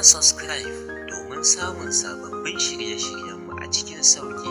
mana subscribe domin samun sababbin shirye-shiryenmu a cikin sauƙi.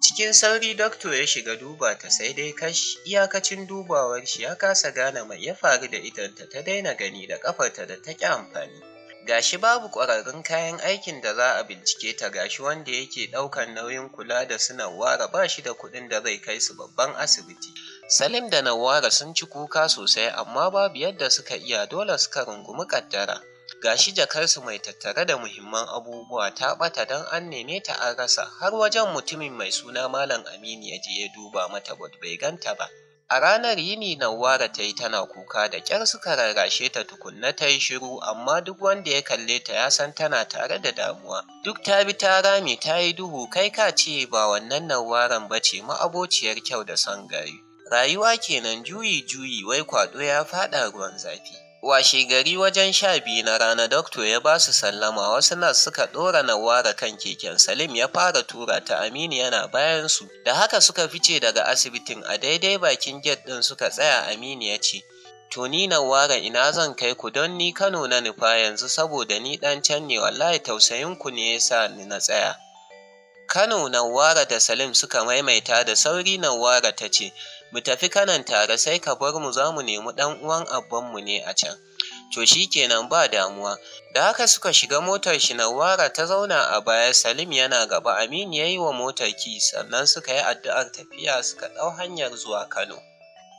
Cikin sauri Dokto ya shiga duba ta sai dai kashi iyakacin dubawar shi ya kasa gane mai ya faru da idanta ta daina gani da ƙafarta da ta ƙi amfani. gashi babu ƙwararrun kayan aikin da za a bincike ta ga shi wanda yake ɗaukan nauyin kula da suna ware ba shi da kuɗin da zai kai su babban asibiti Salim da Nawara sun ci kuka sosai amma babu yadda suka iya dole suka rungumi kaddara. Gashi jakarsu mai tattare da muhimman abubuwa ta ɓata don an neme ta an rasa har wajen mutumin mai suna Malam Aminu ya je ya duba mata bot bai ganta ba. A ranar yini Nawara ta yi tana kuka da kyar suka rarrashe ta tukunna ta yi shiru amma duk wanda ya kalle ta ya san tana tare da damuwa. Duk ta bi ta rami ta yi duhu kai ka ce ba wannan Nawaran ba ce ma'abociyar kyau da son gari. Rayuwa kenan juyi-juyi wai kwaɗo ya faɗa ruwan zafi. Washe gari wajen sha biyu na rana doktor ya ba su sallama wasu nas suka ɗora nawara kan keken Salim ya fara tura ta Aminu yana bayan su. Da haka suka fice daga asibitin a daidai bakin get ɗin suka tsaya Aminu ya ce, To ni nawara ina zan kai ku don ni Kano na nufa yanzu saboda ni ɗan can ne wallahi tausayin ku ne yasa ni na tsaya. Kano Nawara da Salim suka maimaita da sauri Nawara ta ce, mu tafi kanan tare sai ka bar mu za mu nemi ɗan uwan mu ne a can to shi kenan ba damuwa da haka suka shiga motar shi nawara ta zauna a baya salim yana gaba aminu ya yi wa motar ki sannan suka yi addu'ar tafiya suka ɗau hanyar zuwa kano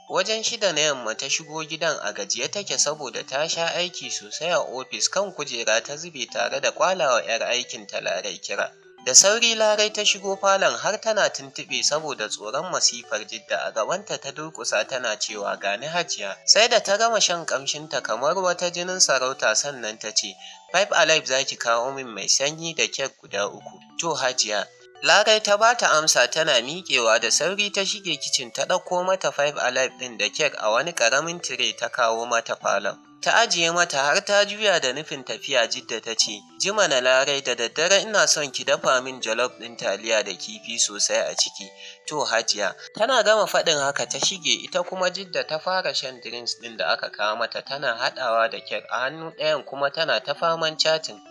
wajen shida na yamma ta shigo gidan a gajiye take saboda ta sha aiki sosai a ofis kan kujera ta zube tare da kwalawa 'yar aikin ta larai kira Da sauri Larai ta shigo falon har tana tuntuɓe saboda tsoron masifar jidda a gabanta ta durƙusa tana cewa gani hajiya. Sai da ta gama shan ƙamshinta kamar wata jinin sarauta sannan ta ce, Five Alive za ki kawo min mai sanyi da kek guda uku. To hajiya, Larai ta ba ta amsa tana miƙewa da sauri ta shige kicin ta ɗauko mata Five Alive ɗin da kek a wani ƙaramin tire ta kawo mata falon. ta ajiye mata har ta juya da nufin tafiya jidda ta ce jima na larai da daddare ina son ki dafa min jalof ɗin taliya da kifi sosai a ciki to hajiya tana gama faɗin haka ta shige ita kuma jidda ta fara shan drinks ɗin da aka kawo mata tana haɗawa da kek a hannu ɗayan kuma tana ta faman catin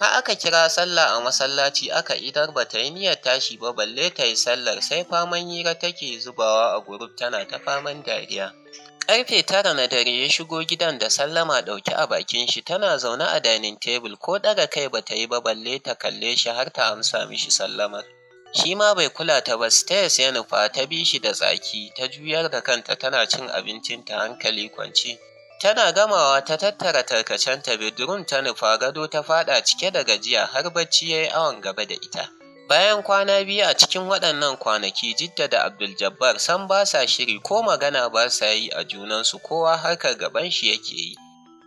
Ha aka kira sallah a masallaci aka idar ba ta yi niyyar tashi ba balle ta yi sallar sai faman hira take zubawa a guruf tana ta faman dariya Ƙarfe tara na dare ya shigo gidan da sallama ɗauke a bakin shi tana zaune a dining table ko ɗaga kai ba ta yi ba balle ta kalle shi har ta amsa mishi sallamar. Shi ma bai kula ta ba stairs ya nufa ta bi shi da tsaki ta juyar da kanta tana cin abincin ta hankali kwance. Tana gamawa ta tattara tarkacenta bedroom ta nufa gado ta faɗa cike da gajiya har bacci ya yi awon gaba da ita. Bayan kwana biyu a cikin waɗannan kwanaki Jidda da Abdul Jabbar san ba sa shiri ko magana ba sa yi a junansu kowa harkar gaban shi yake yi.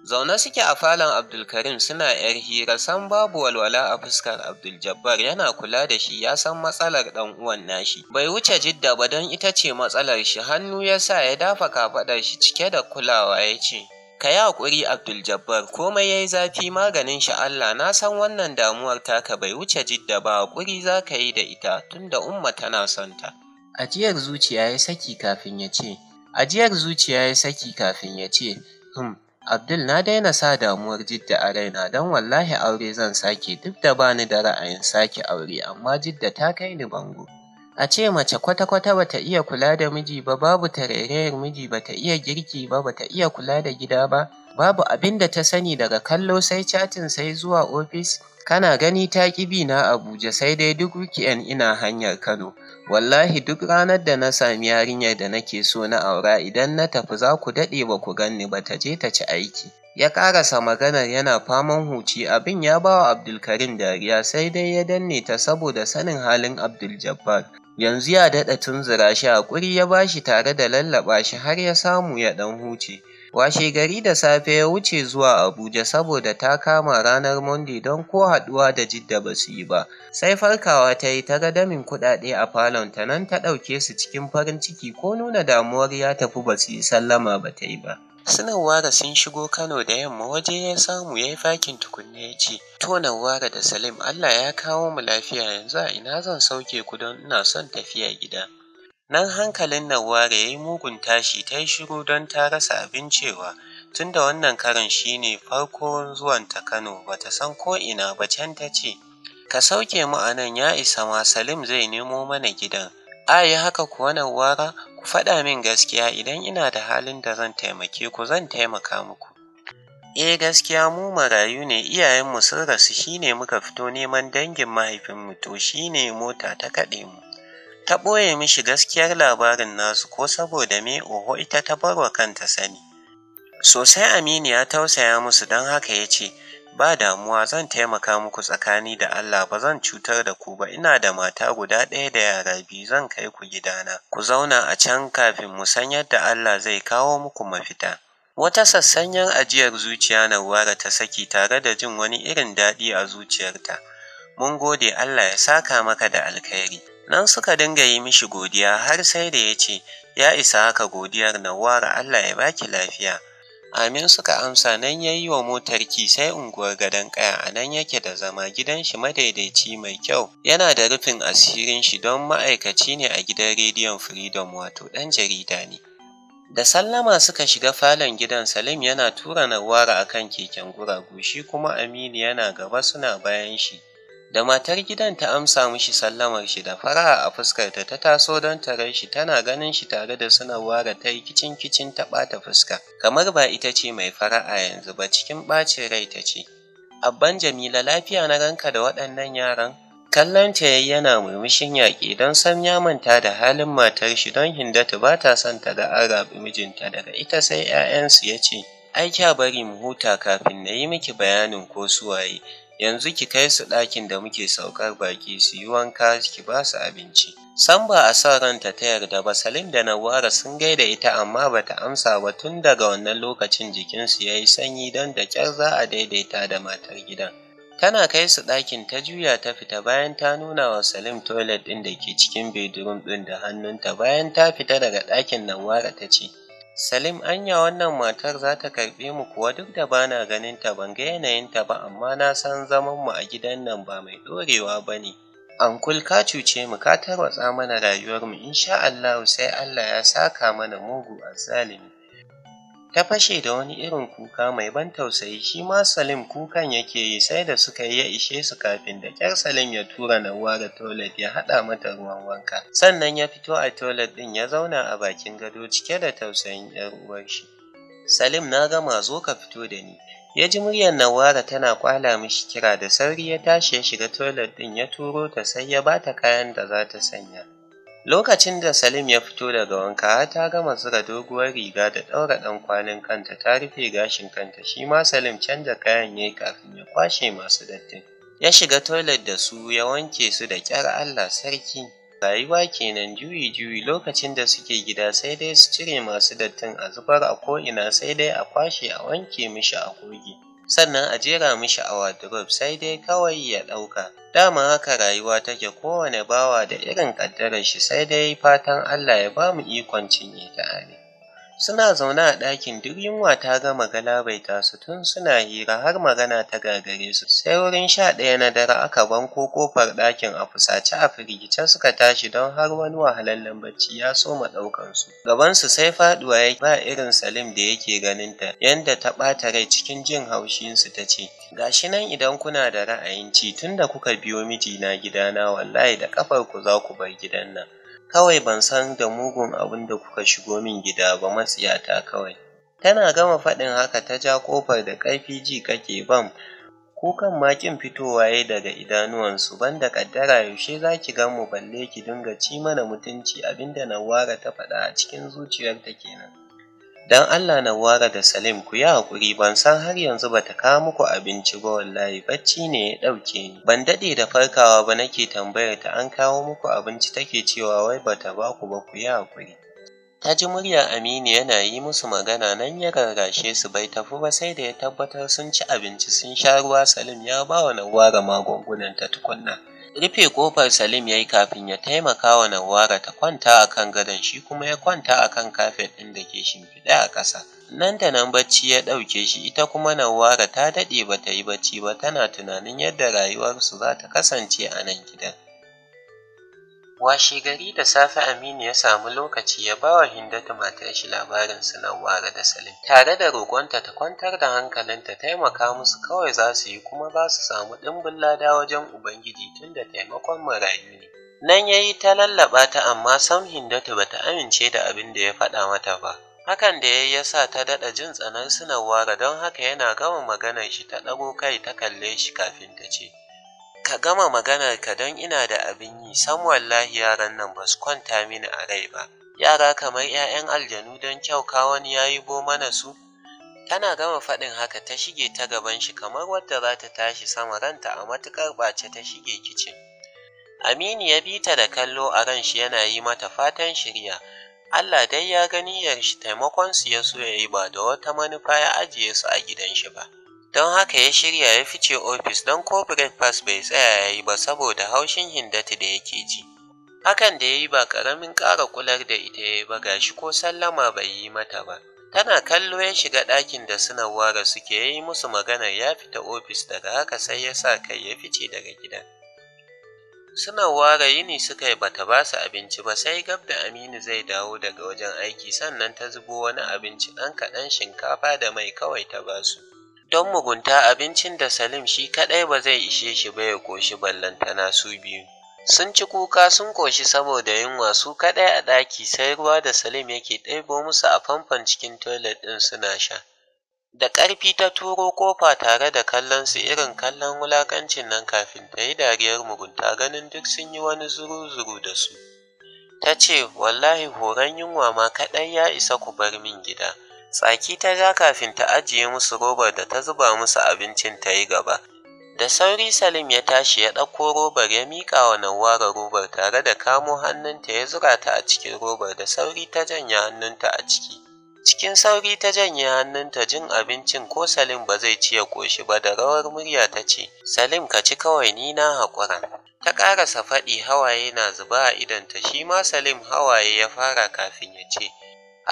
Zaune suke a falon Abdulkarim suna ‘yar hira san babu walwala a fuskar Abdul-Jabbar yana kula da shi ya san matsalar ɗan uwan nashi. Bai wuce jidda ba don ita ce matsalar shi hannu ya sa ya dafa kafaɗar shi cike da kulawa ya ce, Ka yi haƙuri Abdul-Jabbar, komai ya yi zafi maganin shi Allah, na san wannan damuwar taka bai wuce jidda ba haƙuri za ka yi da ita tun da Umma tana son ta. Ajiyar zuciya ya saki kafin ya ce, Ajiyar zuciya ya saki kafin ya ce, Hmm, Abdul na daina sa damuwar jidda a raina don wallahi aure zan sake duk da bani da ra'ayin sake aure amma jidda ta kai ni bango. A ce mace kwata-kwata ba ta iya kula da miji ba, babu tarairayar miji, ba ta iya girki ba, ba ta iya kula da gida ba, babu abin da ta sani daga kallo sai catin sai zuwa ofis, kana gani ta bi na Abuja sai dai duk wikiyan ina hanyar Kano. Wallahi duk ranar da na sami yarinyar da nake so na aura idan na tafi za ku daɗe ba ku ganni ba ta je ta ci aiki. Ya ƙarasa maganar yana faman huci abin ya bawa Abdulkarim dariya sai dai ya danne ta saboda sanin halin Abdul Jabbar. Yanzu ya daɗa tunzura shi haƙuri ya ba shi tare da lallaɓa shi har ya samu ya ɗan huce. Washe gari da safe ya wuce zuwa Abuja saboda ta kama ranar Monday don ko haɗuwa da Jidda ba su yi ba. Sai farkawa ta yi ta gadamin kuɗaɗe a falon ta nan ta ɗauke su cikin farin ciki ko nuna damuwar ya tafi ba su yi sallama ba ta yi ba. sanarwara sun shigo kano da yamma waje ya samu ya yi fakin tukunna ya ce to nawara da salim allah ya kawo mu lafiya yanzu a ina zan sauke ku don ina son tafiya gida nan hankalin nawara ya yi mugun tashi ta yi shiru don ta rasa abin cewa da wannan karin shine farko zuwan ta kano bata san ko ina ba can ta ce ka sauke mu a nan ya isa ma salim zai nemo mana gidan a yi haka kuwa wara ku faɗa min gaskiya idan ina da halin da zan taimake ku zan taimaka muku eh gaskiya mu marayu ne iyayenmu sun rasu shine muka fito neman dangin mahaifinmu to shine mota ta kaɗe mu ta ɓoye mishi gaskiyar labarin nasu ko saboda me oho ita ta barwa kanta sani sosai aminu ya tausaya musu don haka ya ce ba damuwa zan taimaka muku tsakani da Allah ba zan cutar da ku ba ina da mata guda ɗaya da yara biyu zan kai ku gidana ku zauna a can kafin mu san yadda Allah zai kawo muku mafita wata sassanyen ajiyar zuciya na wara ta saki tare da jin wani irin daɗi a zuciyarta mun gode Allah ya saka maka da alkhairi nan suka dinga yi mishi godiya har sai da ya ce ya isa haka godiyar nawara Allah ya baki lafiya Amin suka amsa nan ya yi wa motar ki sai unguwar gadon ƙaya a nan yake da zama gidan shi madaidaici mai kyau yana da rufin asirin shi don ma'aikaci ne a gidan rediyon Freedom wato dan jarida ne. Da sallama suka shiga falon gidan Salim yana tura Nawara akan keken guragu shi kuma Aminu yana gaba suna bayan shi. da matar gidan ta amsa mishi sallamar shi da fara'a a fuskarta ta taso don tare shi tana ganin shi tare da suna da ta yi kicin kicin ta ɓata fuska kamar ba ita ce mai fara'a yanzu ba cikin ɓacin rai ta ce abban jamila lafiya na ranka da waɗannan yaran kallon ta yayi yana murmushin yaƙi don san ya manta da halin matar shi don hindatu ba ta son ta ga an raɓi mijinta daga ita sai 'ya'yansu ya ce ai kya bari mu huta kafin na yi miki bayanin ko suwaye yanzu ki kai su ɗakin da muke saukar baki su yi wanka ki ba su abinci san ba a sa ranta ta yarda ba salim da nawara sun gaida ita amma bata amsa ba tun daga wannan lokacin jikinsu ya yi sanyi don da ƙyar za a daidaita da matar gidan tana kai su ɗakin ta juya ta fita bayan ta nuna wa salim toilet ɗin da ke cikin bedroom ɗin da hannunta bayan ta fita daga ɗakin nawara ta ce Salim anya wannan matar za ta karɓe mu kuwa duk da ba na ganin ta ban ga yanayin ta ba amma na san zaman mu a gidan nan ba mai ɗorewa ba ne. Ankul ka cuce mu ka tarwatsa mana rayuwar mu insha Allah sai Allah ya saka mana mugu a azzalimi. ta fashe da wani irin kuka mai ban tausayi shi ma salim kukan yake yi sai da suka yi ya ishe su kafin da kyar salim ya tura Nauwara da toilet ya haɗa mata ruwan wanka sannan ya fito a toilet ɗin ya zauna a bakin gado cike da tausayin ‘yar uwar shi salim na gama zo ka fito da ni ya ji muryar nawara tana kwala mishi kira da sauri ya tashi ya shiga toilet ɗin ya turo ta sai ya bata kayan da za ta sanya Lokacin da Salim ya fito daga wanka ta gama zura doguwar riga da ɗaura ɗan kwalin kanta ta rufe gashin kanta shi ma Salim canza kayan yayi kafin ya kwashe masu dattin. Ya shiga toilet da su ya wanke su da ƙyar Allah sarki. Rayuwa kenan juyi juyi lokacin da suke gida sai dai su cire masu dattin a zubar a ko'ina sai dai a kwashe a wanke mishi a kogi. sannan a jera mishi a wardrobe sai dai kawai ya ɗauka. Dama haka rayuwa take kowane bawa da irin ƙaddarar shi sai dai fatan Allah ya ba mu ikon cinye ta amin. Suna zaune a ɗakin duk yunwa ta gama galabaita su tun suna hira har magana ta gagare su. Sai wurin sha ɗaya na dare aka banko kofar ɗakin a fusace a firgice suka tashi don har wani wahalallen lambaci ya soma ɗaukan su. Gaban su sai faɗuwa ya ba irin Salim da yake ganin ta yanda ta ɓata rai cikin jin haushinsu ta ce, Gashi nan idan kuna da ra'ayin ci tunda kuka biyo mijina gidana wallahi da ƙafar ku za ku bar gidan nan. Kawai ban san da mugun abin da kuka shigo min gida ba matsiyata kawai. Tana gama faɗin haka ta ja ƙofar da ƙarfi ji kake bam. Kukan makin fitowa ya daga idanuwansu banda ƙaddara yaushe za ki gan mu balle ki dinga ci mana mutunci abinda Nawara ta faɗa a cikin zuciyarta kenan. dan Allah na wara da Salim ku yi hakuri ban san har yanzu bata kawo muku abinci ba wallahi bacci ne ya ɗauke ni ban daɗe da farkawa ba nake tambayar ta an kawo muku abinci take cewa wai bata ba ku ba ku yi haƙuri ta ji murya Aminu yana yi musu magana nan ya rarrashe su bai tafi ba sai da ya tabbatar sun ci abinci sun sha ruwa Salim ya ba wa magungunan ta tukunna. rufe kofar Salim ya yi kafin ya taimaka wa Nawara ta kwanta a kan gadon shi kuma ya kwanta a kan kafet ɗin da ke shimfiɗe a ƙasa. Nan da nan bacci ya ɗauke shi ita kuma Nawara ta daɗe ba ta yi bacci ba tana tunanin yadda rayuwarsu za ta kasance a nan gidan. Washe, gari da safe Aminu ya samu lokaci ya ba wa Hindatu shi labarin su Nawwara da Salim, tare da roƙonta ta kwantar da hankalinta taimaka musu kawai za su yi kuma za su samu ɗimbin lada wajen Ubangiji tun da taimakon marayu ne. Nan ya yi ta lallaɓa ta amma sam Hindatu ba ta amince da abin da ya faɗa mata ba. Hakan da ya yi ya sa ta daɗa jin tsanar su Nawwara don haka yana gama maganar shi ta ɗago kai ta kalle shi kafin ta ce. Ka gama ka don ina da abin yi san wallahi yaran nan ba su kwanta mini a rai ba. Yara kamar 'ya'yan aljanu don kyau ka wani ya bo mana su. Tana gama faɗin haka ta shige ta gaban shi kamar wadda za ta tashi sama ranta a matuƙar ɓace ta shige kicin. Aminu ya bi ta da kallo a ran shi yana yi mata fatan shirya. Allah dai ya gani shi taimakon su ya so ya yi ba da wata manufa ya ajiye su a gidan shi ba. don haka ya shirya ya fice ofis don ko breakfast bai tsaya ya yi ba saboda haushin hindati da yake ji hakan da ya yi ba ƙaramin ƙara kular da ita ya yi ba gashi ko sallama bai yi mata ba tana kallo ya shiga ɗakin da suna ware suke ya yi musu maganar ya fita ofis daga haka sai ya sa kai ya fice daga gidan suna ware yini suka yi bata ba su abinci ba sai gab da aminu zai dawo daga wajen aiki sannan ta zubo wani abinci ɗan kaɗan shinkafa da mai kawai ta ba su Don mugunta abincin da Salim shi kaɗai ba zai ishe shi ba ya ƙoshi ballantana su biyu. Sun ci kuka sun ƙoshi saboda yunwa su kaɗai a ɗaki sai ruwa da Salim yake ɗaibo musu a famfon cikin toilet ɗin suna sha. Da ƙarfi ta turo kofa tare da kallon su irin kallon wulaƙancin nan kafin ta yi dariyar mugunta ganin duk sun yi wani zuru-zuru da su. Ta ce, Wallahi horon yunwa ma kaɗai ya isa ku bar min gida. tsaki ta ja kafin ta ajiye musu robar da ta zuba musu abincin ta yi gaba da sauri salim ya tashi ya ɗauko robar ya miƙa wa nawara robar tare da kamo hannunta ya zura ta a cikin robar da sauri ta janye hannunta a ciki cikin sauri ta janye hannunta jin abincin ko salim ba zai ciye ƙoshi ba da rawar murya ta ce salim ka ci kawai ni na haƙura ta ƙarasa faɗi hawaye na zuba a idanta shi ma salim hawaye ya fara kafin ya ce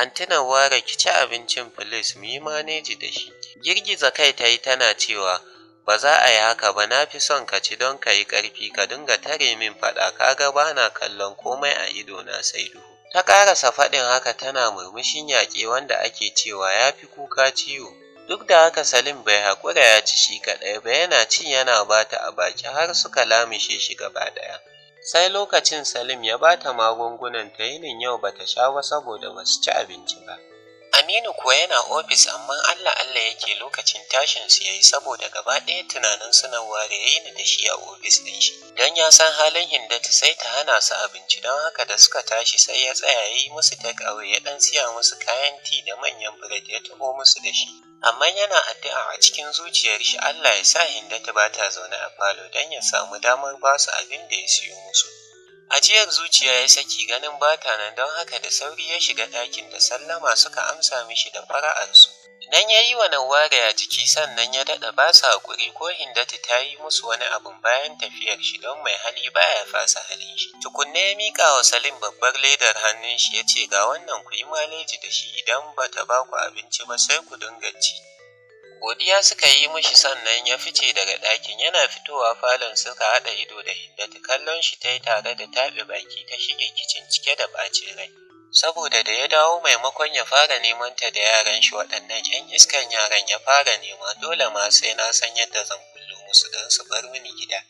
Antina ware ki ci abincin filis mu yi maneji da shi. Girgiza kai ta yi tana cewa ba za a yi haka ba na fi son ka ci don ka yi ƙarfi ka dinga tare min faɗa ka ga ba na kallon komai a ido na sai duhu. Ta ƙarasa faɗin haka tana murmushin yaƙe wanda ake cewa ya fi kuka ciwo. Duk da haka Salim bai haƙura ya ci shi kaɗai ba yana ci yana bata a baki har suka lamishe shi gaba ɗaya. sai lokacin Salim ya ba ta magungunan ta yinin yau ba ta sha ba saboda ba su ci abinci ba. Aminu kuwa yana ofis amma Allah Allah yake lokacin tashin su yayi saboda gaba ɗaya tunanin suna ware ni da shi a ofis ɗin shi. Don ya san halin Hindata sai ta hana su abinci don haka da suka tashi sai ya tsaya yi musu take away ya ɗan siya musu kayan ti da manyan biredi ya taɓo musu da shi. amma yana addu'a a cikin zuciyar shi Allah ya sa Hindatu ba ta zaune a falo don ya samu damar ba su abin da ya siyo musu. Ajiyar zuciya ya saki ganin bata nan don haka da sauri ya shiga ɗakin da sallama suka amsa mishi da fara'arsu. Nan ya yi wa ya jiki sannan ya daɗa ba su haƙuri ko Hindatu ta yi musu wani abin bayan tafiyar shi don mai hali ba ya fasa halin shi. Tukunna ya miƙa wa Salim babbar ledar hannun shi ya ce ga wannan ku yi maleji da shi idan ba ta ba ku abinci ba sai ku dinga ci. Godiya suka yi mishi sannan ya fice daga ɗakin yana fitowa falon suka haɗa ido da Hindatu kallon shi ta yi tare da taɓe baki ta shige kicin cike da ɓacin rai. saboda da ya dawo maimakon ya fara neman ta da yaran shi waɗannan 'yan iskan yaran ya fara nema dole ma sai na san yadda zan kullo musu don su bar mini gida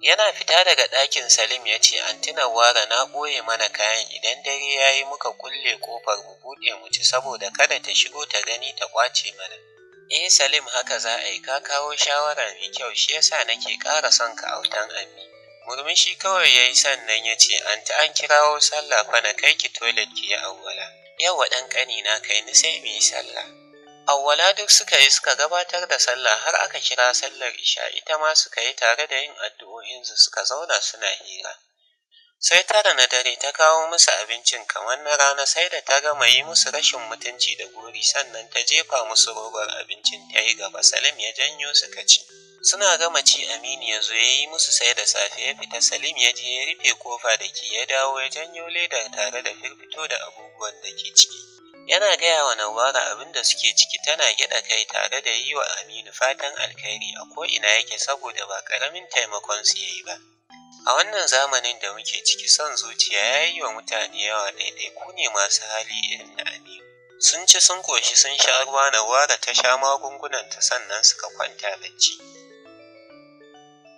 yana fita daga ɗakin salim ya ce an tuna na ɓoye mana kayan idan dare ya yi muka kulle kofar mu buɗe mu ci saboda kada ta shigo ta gani ta ƙwace mana eh salim haka za a yi ka kawo shawara mai kyau shi yasa nake ƙara son ka autan ammi murmushi kawai ya yi sannan ya ce anti an kirawo sallah fa na kai ki toilet ki yi awwala yawa ɗan ƙani na kai ni sai mu yi sallah awwala duk suka yi suka gabatar da sallah har aka kira sallar isha ita ma suka yi tare da yin addu'o'in addu'o'insu suka zauna suna hira sai tara na dare ta kawo musu abincin kamar na rana sai da ta gama yi musu rashin mutunci da gori sannan ta jefa musu robar abincin ta yi gaba salim ya janyo suka ci suna gama ci aminu ya zo ya yi musu sai da safe ya fita salim ya je ya rufe kofa da ki ya dawo ya janyo leda tare da firfito da abubuwan da ke ciki yana gaya wa nawara abin da suke ciki tana gyaɗa kai tare da yi wa aminu fatan alkhairi a ko'ina yake saboda ba karamin taimakon su ya yi ba a wannan zamanin da muke ciki son zuciya ya yi wa mutane yawa ku ne masu hali irin na aminu sun ci sun koshi sun sha ruwa nawara ta sha magungunan ta sannan suka kwanta bacci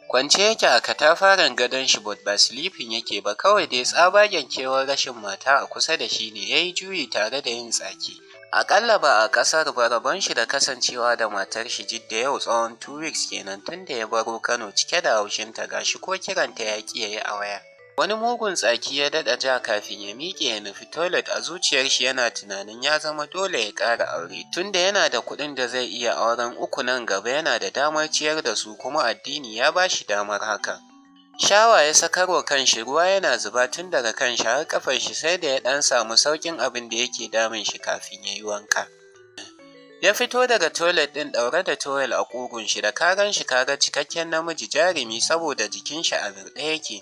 Kwance yake a katafaren gadon shi but ba silifin yake ba kawai dai tsabagen kewar rashin mata a kusa da shi ne ya yi juyi tare da yin tsaki. Aƙalla ba a ƙasar ba rabon shi da kasancewa da matar shi jidda yau tsawon 2 weeks kenan tun da ya baro Kano cike da haushinta gashi ko kiranta ya ƙi ya yi a waya. Wani mugun tsaki ya daɗa ja kafin ya miƙe ya nufi toilet a zuciyar shi yana tunanin ya zama dole ya ƙara aure tunda yana da kuɗin da zai iya auren uku nan gaba yana da damar ciyar da su kuma addini ya ba shi damar haka. Shawa ya sakarwa kan shi ruwa yana zuba tun daga kanshi har kafar shi sai da ya ɗan samu sauƙin abin da yake damun shi kafin ya yi wanka. Ya fito daga toilet ɗin ɗaure da towel a ƙugun shi da karan shi kaga cikakken namiji jarumi saboda jikin shi a ɗaya yake.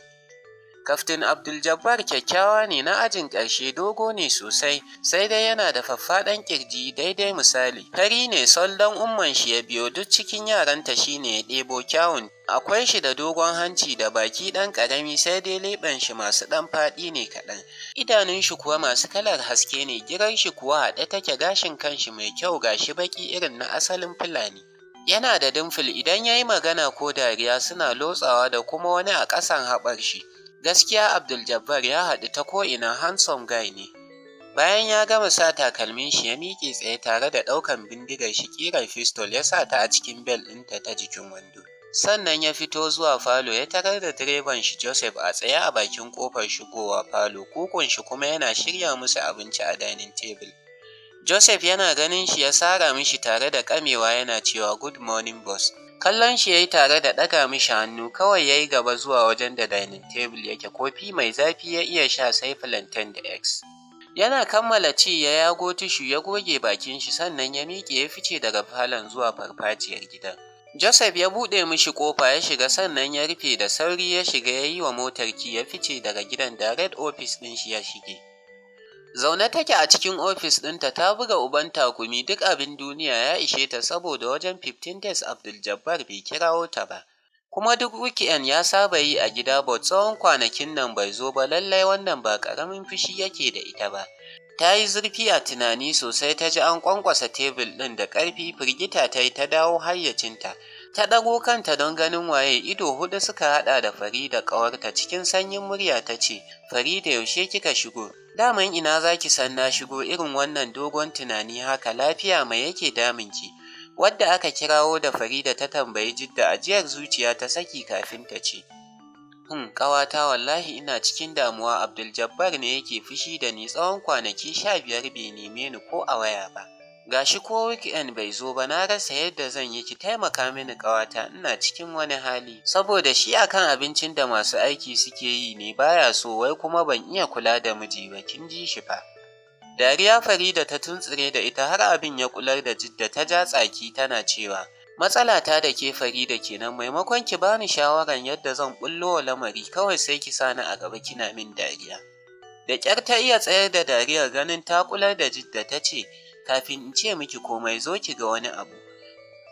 Kaftin Abdul Jabbar kyakkyawa ne na ajin ƙarshe dogo ne sosai, sai dai yana da faffaɗan ƙirji daidai misali. Fari ne soldan umman shi ya biyo duk cikin yaranta shi ne ya ɗebo kyawun. Akwai shi da dogon hanci da baki ɗan ƙarami sai dai leɓen shi masu ɗan faɗi ne kaɗan. Idanun shi kuwa masu kalar haske ne, giran shi kuwa haɗe take gashin kanshi mai kyau ga shi baƙi irin na asalin Fulani. Yana da dimfil idan ya yi magana ko dariya suna lotsawa da kuma wani a ƙasan haɓar shi. Gaskiya Abdul Jabbar ya haɗu ta ko'ina handsome guy ne. Bayan ya gama sa takalmin shi ya miƙe tsaye tare da ɗaukan bindigar shi ƙirar fistol ya sa ta a cikin bel ɗinta ta jikin wando. Sannan ya fito zuwa falo ya tarar da direban shi Joseph a tsaye a bakin ƙofar shigowa falo kukun shi kuma yana shirya musu abinci a dining table. Joseph yana ganin shi ya sara mishi tare da kamewa yana cewa good morning boss. Kallon shi ya yi tare da ɗaga mishi hannu kawai ya yi gaba zuwa wajen da dining table yake kofi mai zafi ya iya sha sai plantain da eggs. Yana kammala ci ya yago tishu ya goge bakin shi sannan ya miƙe ya fice daga falon zuwa farfajiyar gidan. Joseph ya buɗe mishi ƙofa ya shiga sannan ya rufe da sauri ya shiga ya yi wa motar ki ya fice daga gidan da red office ɗin shi ya shige. Zaune take a cikin ofis ɗinta ta buga uban takumi duk abin duniya ya ishe ta saboda wajen 15 days Abdul Jabbar bai kirawo ta ba. Kuma duk weekend ya saba yi a gida ba tsawon kwanakin nan bai zo ba lallai wannan ba ƙaramin fushi yake da ita ba. Ta yi zurfi a tunani sosai ta ji an ƙwanƙwasa tebul ɗin da ƙarfi firgita ta yi ta dawo hayyacinta. ta ɗago kanta don ganin waye ido hudu suka haɗa da fari da ƙawarta cikin sanyin murya ta ce, da yaushe kika shigo? Daman ina za ki san na shigo irin wannan dogon tunani haka lafiya mai yake ki? Wadda aka kirawo da Farida ta tambayi jidda ajiyar zuciya ta saki kafin ta ce. Hmm, ƙawata wallahi ina cikin damuwa Abdul Jabbar ne yake fushi da ni tsawon kwanaki sha biyar bai neme ni ko a waya ba. Ga shi ko weekend bai zo ba na rasa yadda zan yi ki taimaka mini ƙawata ina cikin wani hali. Saboda shi akan abincin da masu aiki suke yi ne baya so wai kuma ban iya kula da miji ba kin ji shi fa. Dariya Farida ta tuntsire da ita har abin ya kular da jidda ta ja tsaki tana cewa matsala ta da ke Farida kenan maimakon ki bani shawaran yadda zan bullo lamari kawai sai ki sani a gaba kina min dariya. Da kyar ta iya tsayar da dariyar ganin ta kular da jidda ta ce kafin in ce miki komai zo ki ga wani abu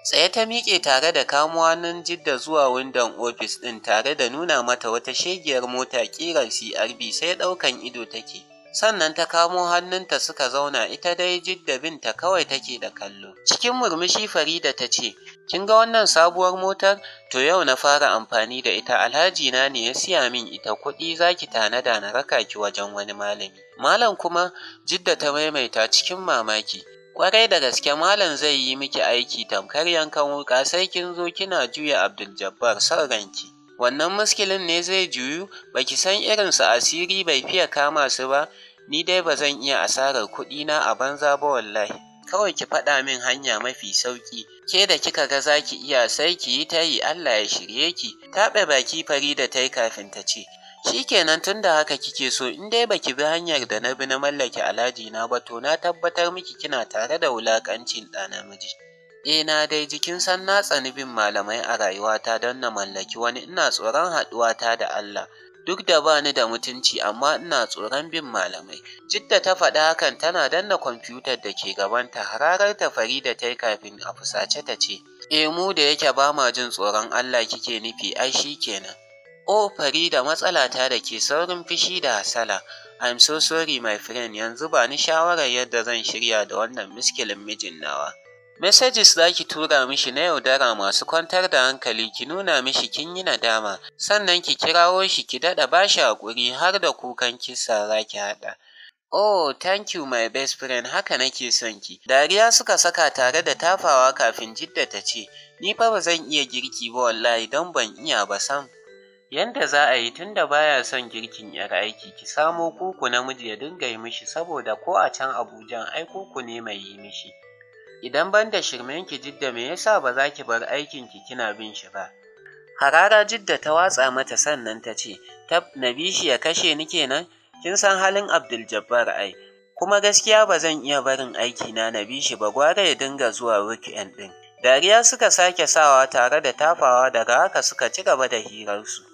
tsaye ta miƙe tare da kamuwa nan jidda zuwa windon ofis ɗin tare da nuna mata wata shegiyar mota ƙirar crb sai ɗaukan ido take sannan ta kamo hannunta suka zauna ita dai jidda binta kawai take da kallo cikin murmushi farida ta ce kin ga wannan sabuwar motar to yau na fara amfani da ita alhaji na ne ya siya min ita kuɗi zaki tanada na raka ki wajen wani malami malam kuma jidda ta maimaita cikin mamaki kwarai da gaske malam zai yi miki aiki tamkar yankan wuka sai kin zo kina juya abdul jabbar son ranki wannan muskilin ne zai juyu Ba ki san irin su asiri bai fiye kama su ba ni dai ba zan iya asarar kuɗi na a banza ba wallahi kawai ki faɗa min hanya mafi sauƙi ke da kika ga za ki iya sai ki yi tayi Allah ya shirye ki taɓe baki fari da yi kafin ta ce shikenan tun da haka kike so in dai baki bi hanyar da na bi na mallake alhaji na ba to na tabbatar miki kina tare da wulaƙancin ɗa namiji. E na dai jikin san na tsani bin malamai a rayuwata don na mallaki wani ina tsoron haɗuwata da Allah duk da ba ni da mutunci amma ina tsoron bin malamai. Jidda ta faɗi hakan tana danna kwamfutar da ke gabanta hararar ta da ta yi kafin a fusace ta ce, E mu da yake ba ma jin tsoron Allah kike nufi ai shi kenan. O da matsala ta da ke saurin fushi da hasala. I'm so sorry my friend yanzu ba ni shawarar yadda zan shirya da wannan miskilin mijin nawa. Messages za ki tura mishi na yaudara masu kwantar da hankali ki nuna mishi kin yi nadama, sannan ki kirawo shi ki daɗa ba shi haƙuri har da kukan kisa za ki haɗa. Oh, thank you my best friend, haka nake son ki. Dariya suka saka tare da tafawa kafin Jidda ta ce, Ni fa ba zan iya girki ba wallahi don ban iya ba sam. Yanda za a yi tun tunda baya son girkin ‘yar aiki, ki samo kuku namiji ya dinga yi mishi saboda ko a can Abuja ai kuku ne mai yi mishi. idan ban da shirmen ki jidda me yasa ba za ki bar aikin ki kina bin shi ba harara jidda ta watsa mata sannan ta ce na bi ya kashe ni kenan kin san halin abdul jabbar ai kuma gaskiya ba zan iya barin aiki na bi shi ba gwara ya dinga zuwa weekend ɗin dariya suka sake sawa tare da tafawa daga haka suka ci gaba da hirarsu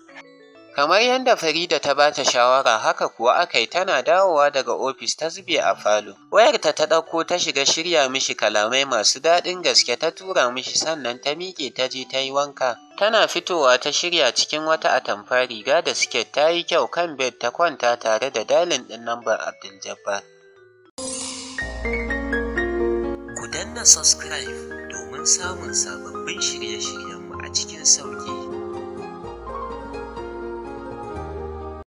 Kamar yadda Farida ta ba ta shawara haka kuwa aka yi tana dawowa daga ofis ta zube a falo. Wayarta ta ɗauko ta shiga shirya mishi kalamai masu daɗin gaske ta tura mishi sannan ta miƙe ta je ta yi wanka. Tana fitowa ta shirya cikin wata atamfa riga da siket ta yi kyau kan bed ta kwanta tare da dalin ɗin lambar Abdul Jabbar. Ku danna subscribe domin samun sababbin shirye-shiryenmu a cikin sauƙi.